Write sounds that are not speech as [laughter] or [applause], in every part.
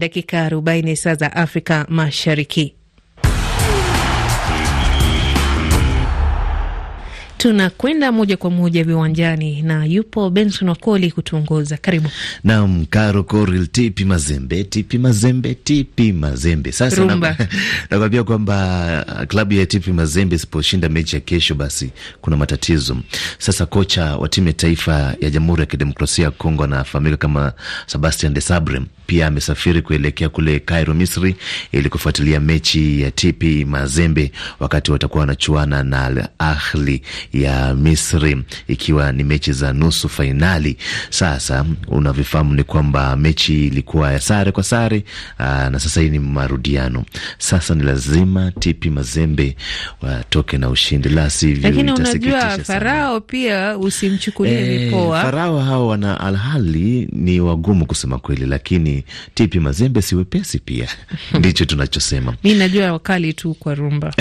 dakika 40 saa za Afrika Mashariki. Tunakwenda moja kwa moja viwanjani na yupo Benson Wakoli kutuongoza. Karibu nam Karo Koril. Tipi Mazembe, Tipi Mazembe, Tipi Mazembe. Sasa [laughs] nakwambia kwamba uh, klabu ya Tipi Mazembe isiposhinda mechi ya kesho, basi kuna matatizo. Sasa kocha wa timu ya taifa ya Jamhuri ya Kidemokrasia ya Kongo anafahamika kama Sebastian de Sabre, pia amesafiri kuelekea kule Cairo, Misri, ili kufuatilia mechi ya Tipi Mazembe wakati watakuwa wanachuana na Al Ahli ya Misri, ikiwa ni mechi za nusu fainali. Sasa unavyofahamu ni kwamba mechi ilikuwa ya sare kwa sare, aa, na sasa hii ni marudiano. Sasa ni lazima TP Mazembe watoke na ushindi, la sivyo Farao pia usimchukulie eh, vipoa. E, Farao hao wana alhali ni wagumu kusema kweli, lakini TP Mazembe si wepesi pia [laughs] ndicho tunachosema. Mi najua wakali tu kwa rumba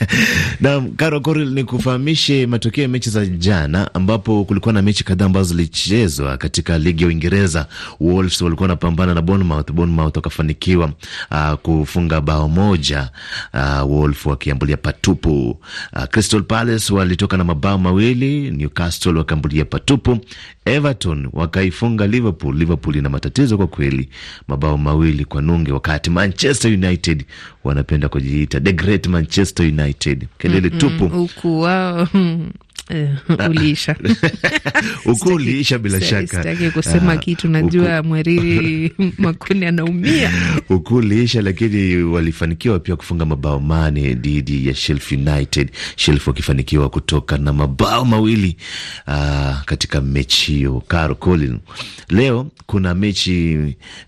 [laughs] nam Karo ni kufahamishe matokeo ya mechi za jana, ambapo kulikuwa na mechi kadhaa ambazo zilichezwa katika ligi ya Uingereza. Wolves walikuwa wanapambana na Bournemouth. Bournemouth wakafanikiwa uh, kufunga bao moja, uh, Wolves wakiambulia patupu. Uh, Crystal Palace walitoka na mabao mawili, Newcastle wakaambulia patupu. Everton wakaifunga Liverpool. Liverpool ina matatizo kwa kweli, mabao mawili kwa nunge, wakati Manchester United wanapenda kujiita the great Manchester United, kelele mm -mm, tupu huku wao [laughs] Eh, uliisha [laughs] uko uliisha bila shaka, sitaki kusema ah, kitu, najua Mweriri [laughs] makuni anaumia. Uko uliisha, lakini walifanikiwa pia kufunga mabao mane dhidi ya Shelf United, Shelf wakifanikiwa kutoka na mabao mawili uh, katika mechi hiyo. Karo Colin, leo kuna mechi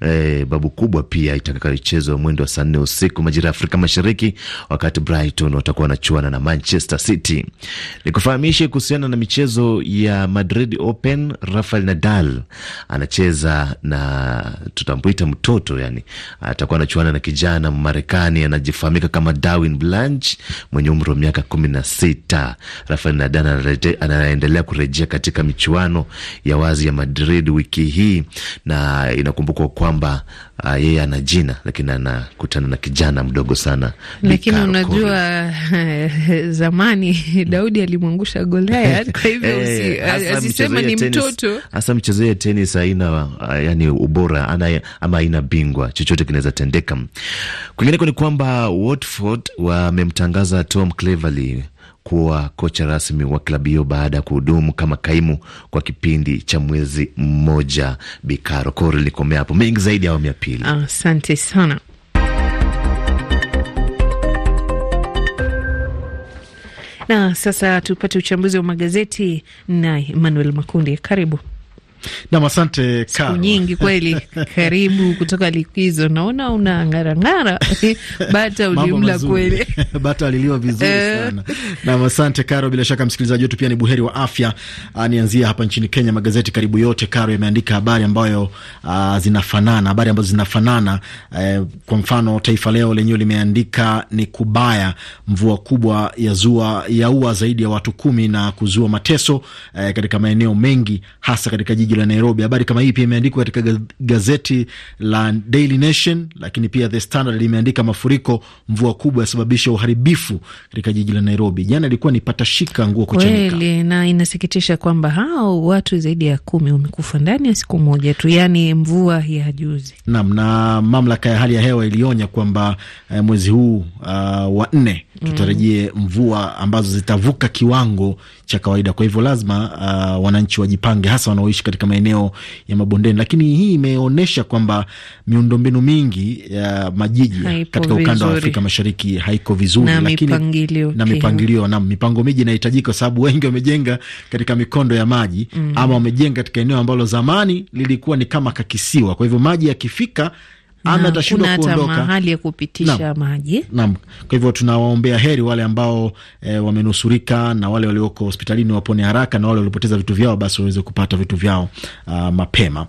eh, babu kubwa pia itakayochezwa mwendo wa saa nne usiku majira ya Afrika Mashariki, wakati Brighton watakuwa wanachuana na Manchester City. Nikufahamishe kuhusiana na michezo ya Madrid Open, Rafael Nadal anacheza na tutamwita mtoto, yani atakuwa anachuana na kijana Marekani anajifahamika kama Darwin Blanch mwenye umri wa miaka kumi na sita. Rafael Nadal anaendelea kurejea katika michuano ya wazi ya Madrid wiki hii, na inakumbukwa kwamba uh, yeye ana jina lakini anakutana na kijana mdogo sana. Lakini unajua [laughs] zamani hmm. Daudi alimwangusha Goliath, kwa hivyo eh, eh, asisema ni mtoto. Hasa mchezo ya tenis haina ah, yani ubora ana, ama haina bingwa, chochote kinaweza tendeka. Kwingineko ni kwamba Watford wamemtangaza Tom Cleverley kuwa kocha rasmi wa klabu hiyo baada ya kuhudumu kama kaimu kwa kipindi cha mwezi mmoja. Bikaro Koro likomea hapo, mengi zaidi ya awamu ya pili. Asante sana. Na sasa tupate uchambuzi wa magazeti naye Emmanuel Makundi, karibu. Nam, asante siku nyingi kweli. [laughs] Karibu kutoka likizo, naona una ng'arang'ara [laughs] bata ulimla kweli [laughs] bata aliliwa vizuri eh. sana. Nam, asante Karo. Bila shaka msikilizaji wetu pia ni buheri wa afya. Ah, Nianzia hapa nchini Kenya, magazeti karibu yote Karo yameandika habari ambayo a, ah, zinafanana, habari ambazo zinafanana e, kwa mfano Taifa Leo lenyewe limeandika ni kubaya, mvua kubwa ya zua yaua zaidi ya watu kumi na kuzua mateso e, katika maeneo mengi hasa katika jiji jiji la Nairobi. Habari kama hii pia imeandikwa katika gazeti la Daily Nation, lakini pia The Standard limeandika mafuriko, mvua kubwa yasababisha uharibifu katika jiji la Nairobi. Jana ilikuwa ni patashika, nguo kuchanika. Kweli, na inasikitisha kwamba hao watu zaidi ya kumi wamekufa ndani ya siku moja tu, yani mvua ya juzi. Naam, na mamlaka ya hali ya hewa ilionya kwamba eh, mwezi huu uh, wa nne tutarajie mvua ambazo zitavuka kiwango cha kawaida. Kwa hivyo lazima uh, wananchi wajipange, hasa wanaoishi katika maeneo ya mabondeni. Lakini hii imeonyesha kwamba miundombinu mingi ya majiji haipo katika ukanda wa Afrika Mashariki haiko vizuri na lakini, mipangilio na mipangilio na mipango miji inahitajika, kwa sababu wengi wamejenga katika mikondo ya maji mm, ama wamejenga katika eneo ambalo zamani lilikuwa ni kama kakisiwa, kwa hivyo maji yakifika ama atashindwa kuondoka, mahali ya kupitisha maji. Naam, kwa hivyo tunawaombea heri wale ambao e, wamenusurika na wale walioko hospitalini wapone haraka, na wale waliopoteza vitu vyao basi waweze kupata vitu vyao a, ah, mapema.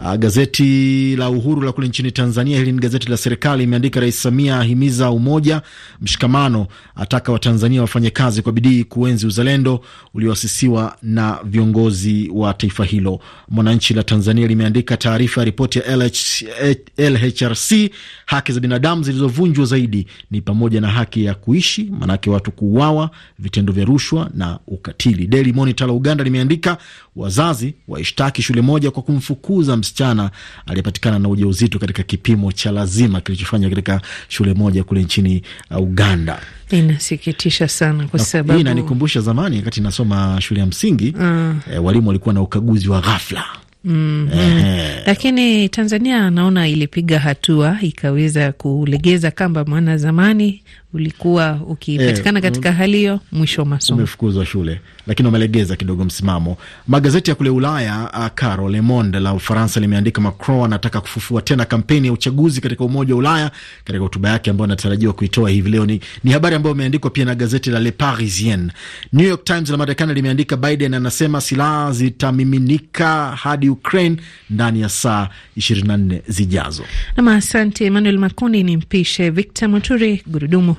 Uh, gazeti la Uhuru la kule nchini Tanzania, hili ni gazeti la serikali, imeandika Rais Samia ahimiza umoja, mshikamano, ataka Watanzania wafanye kazi kwa bidii kuenzi uzalendo ulioasisiwa na viongozi wa taifa hilo. Mwananchi la Tanzania limeandika taarifa ya ripoti ya LHRC, haki za binadamu zilizovunjwa zaidi ni pamoja na haki ya kuishi, manake watu kuuawa, vitendo vya rushwa na ukatili. Daily Monitor la Uganda limeandika wazazi waishtaki shule moja kwa kumfukuza msichana aliyepatikana na ujauzito katika kipimo cha lazima kilichofanywa katika shule moja kule nchini uh, Uganda. Inasikitisha sana kwa sababu inanikumbusha zamani wakati nasoma shule ya msingi uh, E, walimu walikuwa na ukaguzi wa ghafla Mm -hmm. Lakini Tanzania naona ilipiga hatua ikaweza kulegeza kamba, maana zamani ulikuwa ukipatikana eh, katika hali hiyo, mwisho wa masomo umefukuzwa shule, lakini wamelegeza kidogo msimamo. Magazeti ya kule Ulaya, uh, Caro, Le Monde la Ufaransa limeandika Macron anataka kufufua tena kampeni ya uchaguzi katika Umoja wa Ulaya katika hotuba yake ambayo anatarajiwa kuitoa hivi leo. Ni, ni habari ambayo imeandikwa pia na gazeti la Le Parisien. New York Times la Marekani limeandika Biden anasema silaha zitamiminika hadi Ukraine ndani ya saa 24 zijazo. Nam, asante Emmanuel Makundi. Ni mpishe Victor Muturi gurudumu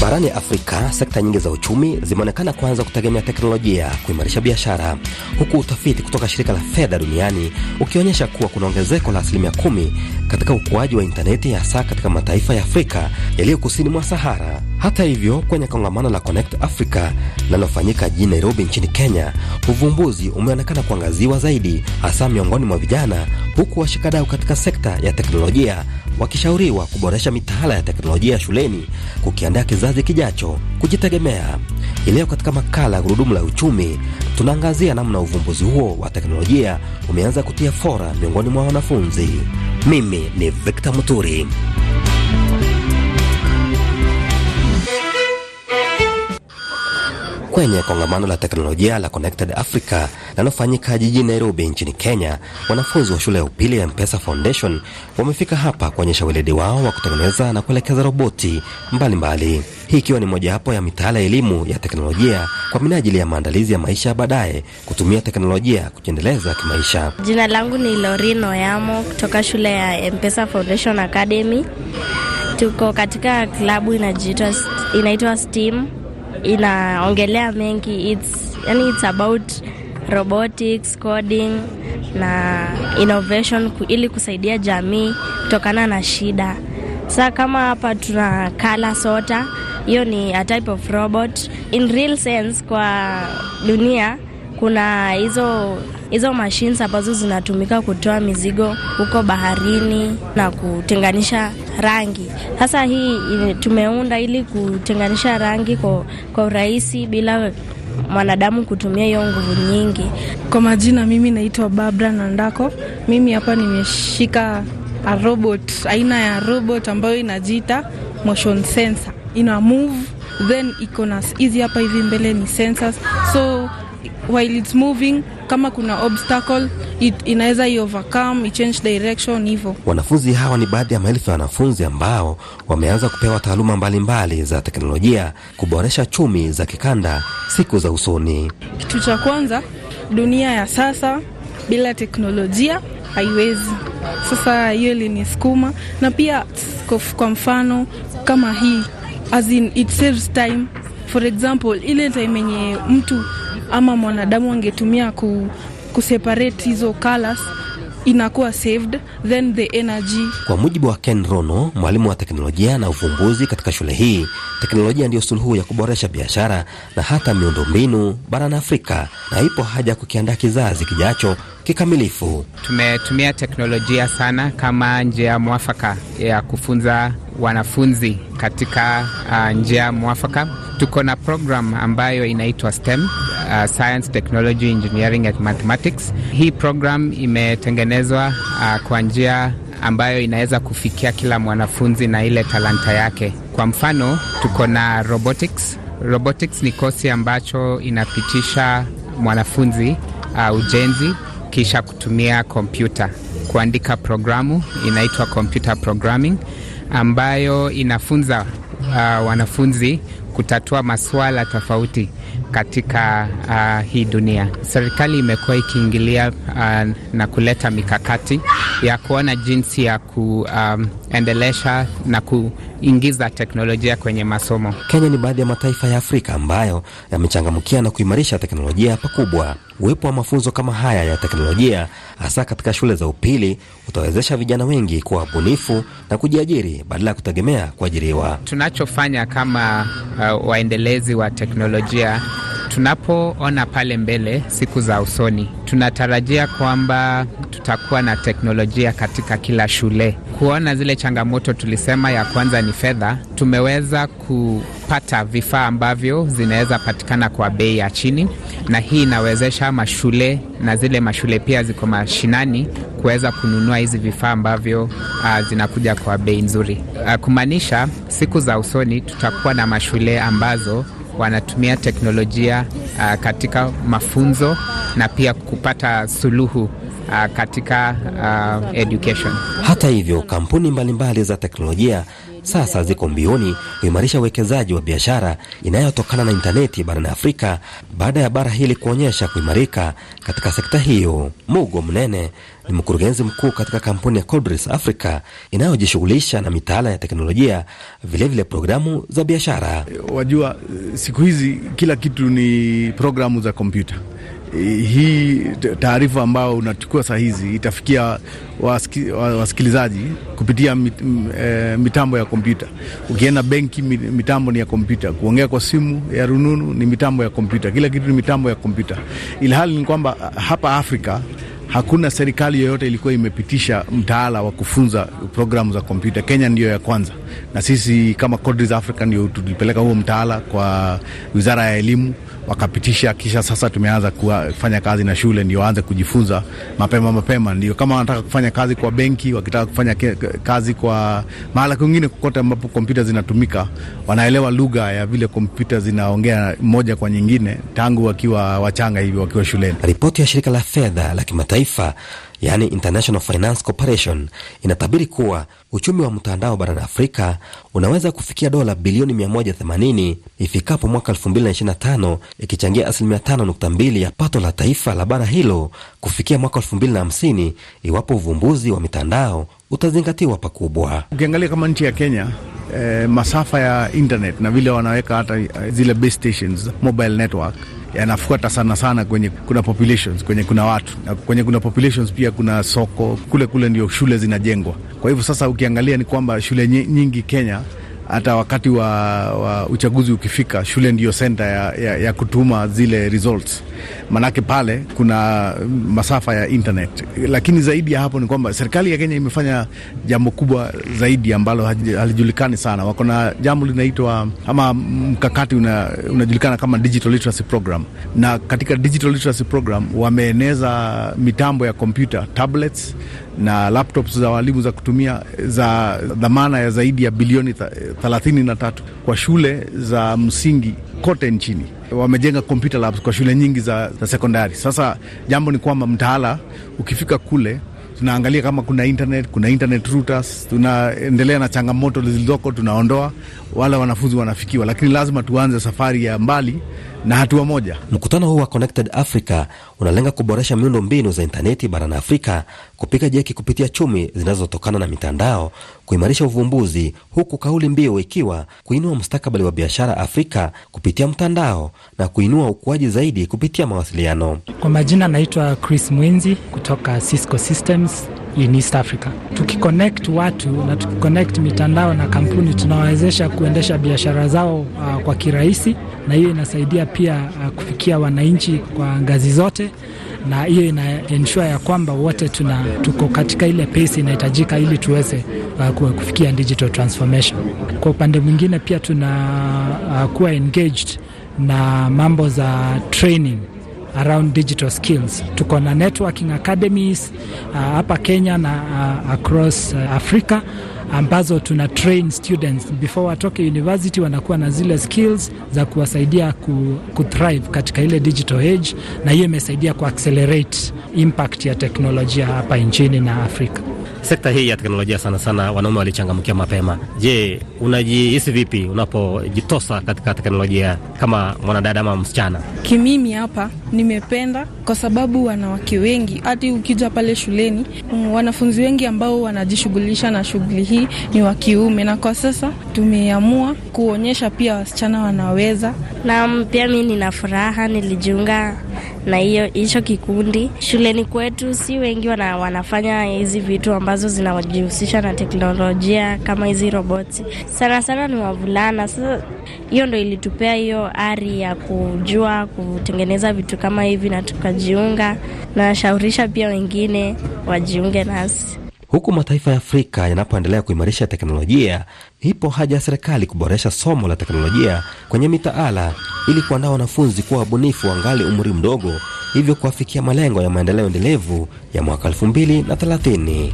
Barani Afrika, sekta nyingi za uchumi zimeonekana kuanza kutegemea teknolojia kuimarisha biashara, huku utafiti kutoka shirika la fedha duniani ukionyesha kuwa kuna ongezeko la asilimia kumi katika ukuaji wa intaneti, hasa katika mataifa ya Afrika yaliyo kusini mwa Sahara. Hata hivyo, kwenye kongamano la Connect Africa linalofanyika jijini Nairobi nchini Kenya, uvumbuzi umeonekana kuangaziwa zaidi, hasa miongoni mwa vijana, huku washikadau katika sekta ya teknolojia wakishauriwa kuboresha mitaala ya teknolojia shuleni kukiandaa kizazi kijacho kujitegemea. ileo katika makala ya gurudumu la uchumi tunaangazia namna uvumbuzi huo wa teknolojia umeanza kutia fora miongoni mwa wanafunzi. Mimi ni Victor Muturi. Kwenye kongamano la teknolojia la Connected Africa linalofanyika jijini Nairobi nchini Kenya, wanafunzi wa shule ya upili ya Mpesa Foundation wamefika hapa kuonyesha weledi wao wa kutengeneza na kuelekeza roboti mbalimbali Hii ikiwa ni mojawapo ya mitaala ya elimu ya teknolojia kwa minajili ya maandalizi ya maisha ya baadaye kutumia teknolojia kujiendeleza kimaisha. Jina langu ni Lorin Oyamo kutoka shule ya Mpesa Foundation Academy. Tuko katika klabu inaitwa STEAM inaongelea mengi it's, yani it's about robotics, coding na innovation ili kusaidia jamii kutokana na shida. Sasa kama hapa tuna kala sota, hiyo ni a type of robot in real sense. Kwa dunia kuna hizo hizo mashines ambazo zinatumika kutoa mizigo huko baharini na kutenganisha rangi. Sasa hii eh, tumeunda ili kutenganisha rangi kwa, kwa urahisi bila mwanadamu kutumia hiyo nguvu nyingi. Kwa majina, mimi naitwa Babra Nandako. Mimi hapa nimeshika a robot aina ya robot ambayo inajiita motion sensor, ina move then iko na hizi hapa hivi mbele ni sensors, so while it's moving kama kuna obstacle inaweza i overcome i change direction hivyo. Wanafunzi hawa ni baadhi ya maelfu ya wanafunzi ambao wameanza kupewa taaluma mbalimbali za teknolojia kuboresha chumi za kikanda siku za usoni. Kitu cha kwanza, dunia ya sasa bila teknolojia haiwezi. Sasa hiyo ilinisukuma, na pia kwa mfano kama hii, as in it saves time. For example, ile time yenye mtu ama mwanadamu angetumia ku, kuseparate hizo colors inakuwa saved then the energy. Kwa mujibu wa Ken Rono, mwalimu wa teknolojia na uvumbuzi katika shule hii, teknolojia ndiyo suluhu ya kuboresha biashara na hata miundombinu barani Afrika, na ipo haja kukiandaa kizazi kijacho kikamilifu. Tumetumia teknolojia sana kama njia mwafaka ya kufunza wanafunzi katika uh, njia mwafaka. Tuko na program ambayo inaitwa STEM uh, science, technology, engineering and mathematics. Hii program imetengenezwa uh, kwa njia ambayo inaweza kufikia kila mwanafunzi na ile talanta yake. Kwa mfano, tuko na robotics. Robotics ni kosi ambacho inapitisha mwanafunzi uh, ujenzi kisha kutumia kompyuta kuandika programu inaitwa computer programming ambayo inafunza uh, wanafunzi kutatua masuala tofauti katika uh, hii dunia. Serikali imekuwa ikiingilia uh, na kuleta mikakati ya kuona jinsi ya kuendelesha um, na kuingiza teknolojia kwenye masomo. Kenya ni baadhi ya mataifa ya Afrika ambayo yamechangamkia na kuimarisha teknolojia pakubwa. Uwepo wa mafunzo kama haya ya teknolojia hasa katika shule za upili utawezesha vijana wengi kuwa wabunifu na kujiajiri badala ya kutegemea kuajiriwa. Tunachofanya kama uh, waendelezi wa teknolojia Tunapoona pale mbele siku za usoni, tunatarajia kwamba tutakuwa na teknolojia katika kila shule. Kuona zile changamoto tulisema, ya kwanza ni fedha. Tumeweza kupata vifaa ambavyo zinaweza patikana kwa bei ya chini, na hii inawezesha mashule na zile mashule pia ziko mashinani kuweza kununua hizi vifaa ambavyo uh, zinakuja kwa bei nzuri, uh, kumaanisha siku za usoni tutakuwa na mashule ambazo wanatumia teknolojia uh, katika mafunzo na pia kupata suluhu uh, katika uh, education. Hata hivyo, kampuni mbalimbali mbali za teknolojia sasa ziko mbioni kuimarisha uwekezaji wa biashara inayotokana na intaneti barani Afrika baada ya bara hili kuonyesha kuimarika katika sekta hiyo. Mugo Mnene ni mkurugenzi mkuu katika kampuni ya Codris Africa inayojishughulisha na mitaala ya teknolojia, vilevile vile programu za biashara. Wajua, siku hizi kila kitu ni programu za kompyuta Eh, hii taarifa ambayo unachukua saa hizi itafikia wasikilizaji kupitia mit, e, mitambo ya kompyuta. Ukienda benki, mitambo ni ya kompyuta. Kuongea kwa simu ya rununu ni mitambo ya kompyuta. Kila kitu ni mitambo ya kompyuta, ilhali ni kwamba ah, hapa Afrika hakuna serikali yoyote ilikuwa imepitisha mtaala wa kufunza programu za kompyuta. Kenya ndiyo ya kwanza, na sisi kama Codreads Africa ndio tulipeleka huo mtaala kwa wizara ya elimu wakapitisha, kisha sasa tumeanza kufanya kazi na shule, ndio waanze kujifunza mapema mapema, ndio kama wanataka kufanya kazi kwa benki, wakitaka kufanya kazi kwa mahala kwingine kokote ambapo kompyuta zinatumika, wanaelewa lugha ya vile kompyuta zinaongea moja kwa nyingine tangu wakiwa wachanga hivyo, wakiwa shuleni. Ripoti ya shirika la fedha la kimataifa kimataifa yani International Finance Corporation inatabiri kuwa uchumi wa mtandao barani Afrika unaweza kufikia dola bilioni 180 ifikapo mwaka 2025 ikichangia asilimia 5.2 ya pato la taifa la bara hilo kufikia mwaka 2050 iwapo uvumbuzi wa mitandao utazingatiwa pakubwa. Ukiangalia kama nchi ya Kenya eh, masafa ya internet na vile wanaweka hata eh, zile base stations, mobile network yanafuata sana sana kwenye kuna populations, kwenye kuna watu na kwenye kuna populations pia kuna soko kule kule, ndio shule zinajengwa. Kwa hivyo sasa ukiangalia ni kwamba shule nyingi Kenya hata wakati wa, wa uchaguzi ukifika, shule ndiyo senta ya, ya, ya kutuma zile results, manake pale kuna masafa ya internet. Lakini zaidi ya hapo ni kwamba serikali ya Kenya imefanya jambo kubwa zaidi ambalo halijulikani sana. Wako na jambo linaitwa ama mkakati una, unajulikana kama digital literacy program, na katika digital literacy program wameeneza mitambo ya kompyuta tablets na laptops za walimu za kutumia za dhamana ya zaidi ya bilioni 33 kwa shule za msingi kote nchini. Wamejenga computer labs kwa shule nyingi za, za sekondari. Sasa jambo ni kwamba mtaala ukifika kule tunaangalia kama kuna internet, kuna internet routers, tunaendelea na changamoto zilizoko, tunaondoa wale wanafunzi wanafikiwa, lakini lazima tuanze safari ya mbali na hatua moja. Mkutano huu wa Connected Africa unalenga kuboresha miundo mbinu za intaneti barani Afrika, kupiga jeki kupitia chumi zinazotokana na mitandao, kuimarisha uvumbuzi, huku kauli mbiu ikiwa kuinua mustakabali wa biashara Afrika kupitia mtandao na kuinua ukuaji zaidi kupitia mawasiliano. Kwa majina, anaitwa Chris Mwinzi kutoka Cisco Systems in East Africa. Tukiconnect watu na tukiconnect mitandao na kampuni, tunawawezesha kuendesha biashara zao uh, kwa kirahisi na hiyo inasaidia pia uh, kufikia wananchi kwa ngazi zote, na hiyo ina ensure ya kwamba wote tuna tuko katika ile pace inahitajika ili tuweze uh, kufikia digital transformation. Kwa upande mwingine pia tunakuwa uh, engaged na mambo za training around digital skills. Tuko na networking academies uh, hapa uh, Kenya na uh, across uh, Africa ambazo tuna train students before watoke university, wanakuwa na zile skills za kuwasaidia ku, thrive katika ile digital age, na hiyo imesaidia ku accelerate impact ya teknolojia hapa nchini na Afrika sekta hii ya teknolojia sana sana wanaume walichangamkia mapema. Je, unajihisi vipi unapojitosa katika teknolojia kama mwanadada ama msichana? Kimimi hapa nimependa kwa sababu wanawake wengi, hadi ukija pale shuleni, mm, wanafunzi wengi ambao wanajishughulisha na shughuli hii ni wa kiume, na kwa sasa tumeamua kuonyesha pia wasichana wanaweza. Naam, pia mi nina furaha nilijiunga na hiyo hicho kikundi. Shuleni kwetu si wengi wana, wanafanya hizi vitu ambazo zinajihusisha na teknolojia kama hizi roboti, sana sana ni wavulana. Sasa hiyo ndo ilitupea hiyo ari ya kujua kutengeneza vitu kama hivi na tukajiunga, na pia wengine wajiunge nasi. Huku mataifa ya Afrika yanapoendelea kuimarisha teknolojia, ipo haja ya serikali kuboresha somo la teknolojia kwenye mitaala ili kuandaa wanafunzi kuwa wabunifu wangali umri mdogo, hivyo kuwafikia malengo ya maendeleo endelevu ya mwaka 2030.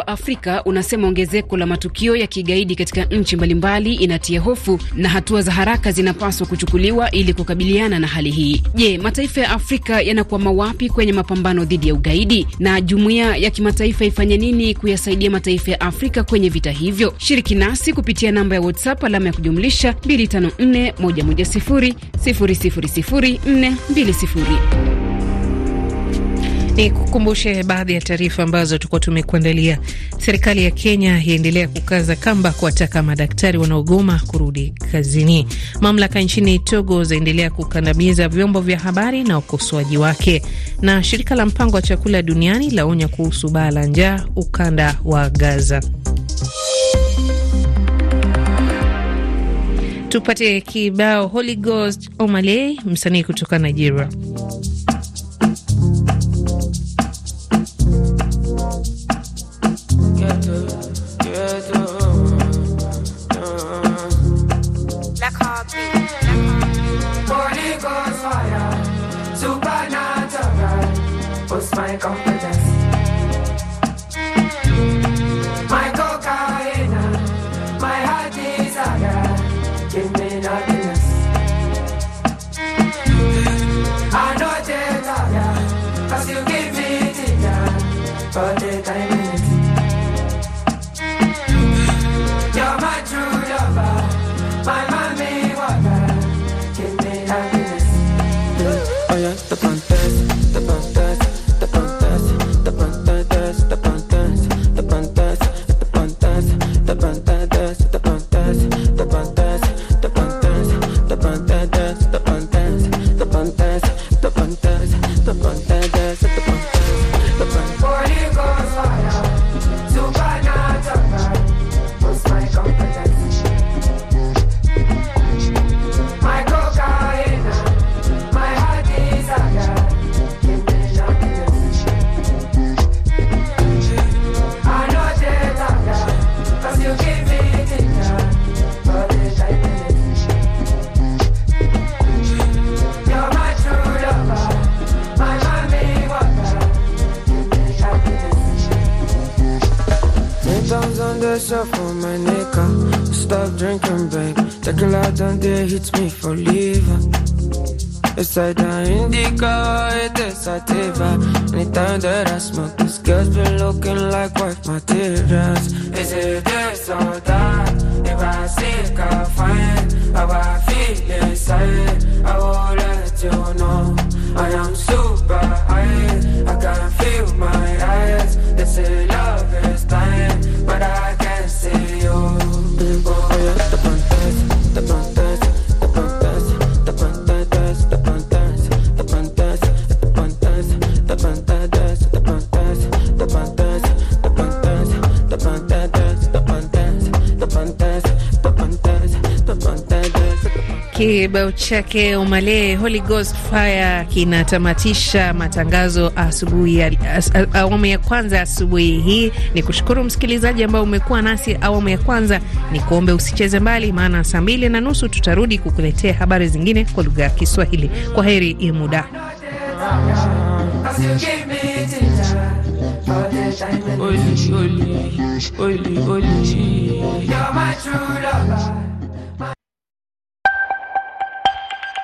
wa Afrika unasema ongezeko la matukio ya kigaidi katika nchi mbalimbali inatia hofu na hatua za haraka zinapaswa kuchukuliwa ili kukabiliana na hali hii. Je, mataifa ya Afrika yanakwama wapi kwenye mapambano dhidi ya ugaidi na jumuiya ya kimataifa ifanye nini kuyasaidia mataifa ya Afrika kwenye vita hivyo? Shiriki nasi kupitia namba ya WhatsApp alama ya kujumlisha 254110000420. Ni kukumbushe baadhi ya taarifa ambazo tulikuwa tumekuandalia. Serikali ya Kenya yaendelea kukaza kamba kuwataka madaktari wanaogoma kurudi kazini. Mamlaka nchini Togo zaendelea kukandamiza vyombo vya habari na ukosoaji wake, na shirika la mpango wa chakula duniani laonya kuhusu baa la njaa ukanda wa Gaza. Tupate kibao Holy Ghost Omale, msanii kutoka Nigeria. It's like the indica, it is sativa Anytime that I smoke, this girl's been looking like wife materials Is it this or that? If I seek, I'll find How I feel inside, I will let you know I am super high, I can feel my eyes They say love is dying, but I Kibao chake Umale Holy Ghost Fire kinatamatisha matangazo asubuhi ya awamu ya kwanza. Asubuhi hii ni kushukuru msikilizaji ambao umekuwa nasi awamu ya kwanza, ni kuombe usicheze mbali, maana saa mbili na nusu tutarudi kukuletea habari zingine kwa lugha ya Kiswahili. Kwa heri ya muda. You're my true lover.